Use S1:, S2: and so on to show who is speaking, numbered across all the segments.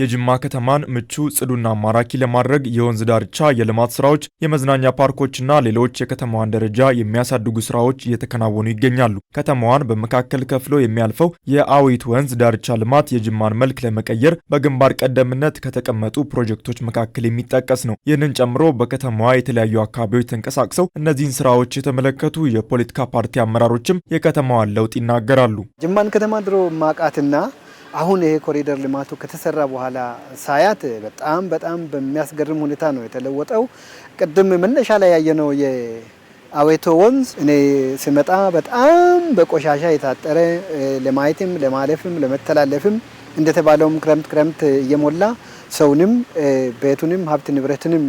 S1: የጅማ ከተማን ምቹ ጽዱና ማራኪ ለማድረግ የወንዝ ዳርቻ የልማት ስራዎች፣ የመዝናኛ ፓርኮችና ሌሎች የከተማዋን ደረጃ የሚያሳድጉ ስራዎች እየተከናወኑ ይገኛሉ። ከተማዋን በመካከል ከፍሎ የሚያልፈው የአዊት ወንዝ ዳርቻ ልማት የጅማን መልክ ለመቀየር በግንባር ቀደምትነት ከተቀመጡ ፕሮጀክቶች መካከል የሚጠቀስ ነው። ይህንን ጨምሮ በከተማዋ የተለያዩ አካባቢዎች ተንቀሳቅሰው እነዚህን ስራዎች የተመለከቱ የፖለቲካ ፓርቲ አመራሮችም የከተማዋን ለውጥ ይናገራሉ።
S2: ጅማን ከተማ ድሮ ማቃትና አሁን ይሄ ኮሪደር ልማቱ ከተሰራ በኋላ ሳያት በጣም በጣም በሚያስገርም ሁኔታ ነው የተለወጠው። ቅድም መነሻ ላይ ያየነው የአዌቶ ወንዝ እኔ ስመጣ በጣም በቆሻሻ የታጠረ ለማየትም ለማለፍም ለመተላለፍም እንደተባለውም ክረምት ክረምት እየሞላ ሰውንም ቤቱንም ሀብት ንብረትንም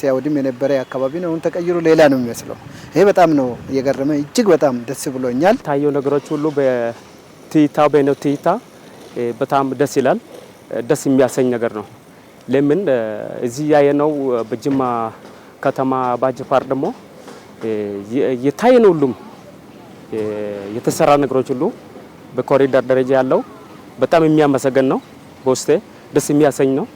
S2: ሲያወድም የነበረ አካባቢ ነው። አሁን ተቀይሮ ሌላ ነው የሚመስለው። ይሄ በጣም ነው እየገረመ እጅግ በጣም ደስ ብሎኛል።
S3: ታየው ነገሮች ሁሉ በትይታው በነው ትይታ በጣም ደስ ይላል። ደስ የሚያሰኝ ነገር ነው። ለምን እዚህ ያየነው በጅማ ከተማ ባጅፋር ፓርክ ደግሞ ነው። ሁሉም የተሰራ ነገሮች ሁሉ በኮሪደር ደረጃ ያለው በጣም የሚያመሰገን ነው። በውስጤ ደስ የሚያሰኝ ነው።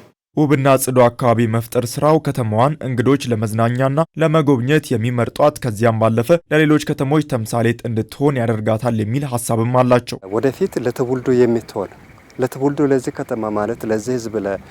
S1: ውብና ጽዱ አካባቢ መፍጠር ስራው ከተማዋን እንግዶች ለመዝናኛና ለመጎብኘት የሚመርጧት ከዚያም ባለፈ ለሌሎች ከተሞች ተምሳሌት እንድትሆን ያደርጋታል የሚል ሀሳብም አላቸው።
S4: ወደፊት ለተውልዶ የምትሆን ለተወልዶ ለዚህ ከተማ ማለት ለዚህ ህዝብ